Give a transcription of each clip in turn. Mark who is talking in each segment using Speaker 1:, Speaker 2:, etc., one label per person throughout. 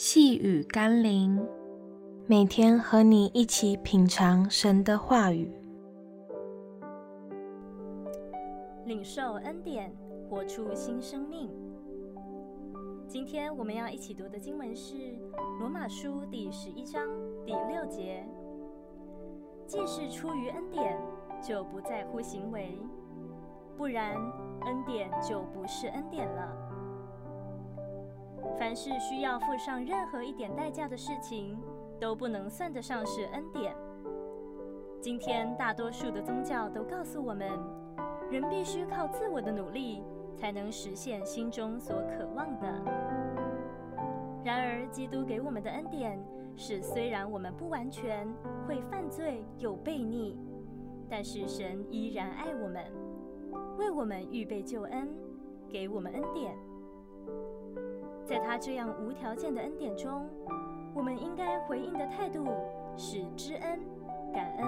Speaker 1: 細語甘霖，每天和你一起品嘗神的話語，領受恩典，活出新生命。今天我們要一起讀的經文是《羅馬書》第十一章第六節：“既是出於恩典，就不在乎行為；不然，恩典就不是恩典了。”凡是需要付上任何一點代價的事情，都不能算得上是恩典。今天大多數的宗教都告訴我們，人必須靠自我的努力，才能實現心中所渴望的。然而，基督給我們的恩典是：雖然我們不完全，會犯罪，有悖逆，但是神依然愛我們，為我們預備救恩，給我們恩典。在他這樣無條件的恩典中，我們應該回應的態度是知恩、感恩、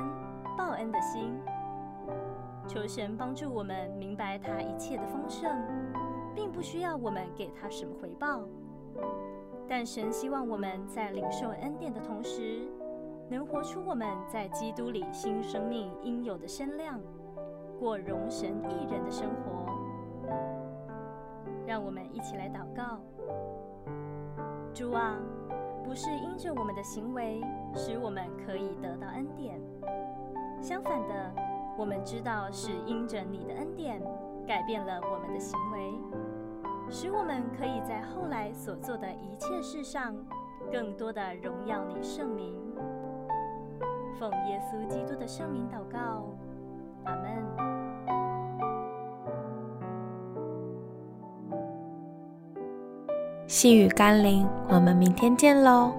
Speaker 1: 報恩的心。求神幫助我們明白他一切的豐盛，並不需要我們給他什麼回報。但神希望我們在領受恩典的同時，能活出我們在基督裡新生命應有的身量，過榮神益人的生活。我們一起來禱告：主啊，不是因着我們的行為，使我們可以得到恩典，相反的，我們知道是因着你的恩典改變了我們的行為，使我們可以在後來所做的一切事上更多地榮耀你聖名。奉耶穌基督的聖名禱告，阿們。細語甘霖，我們明天見嘍。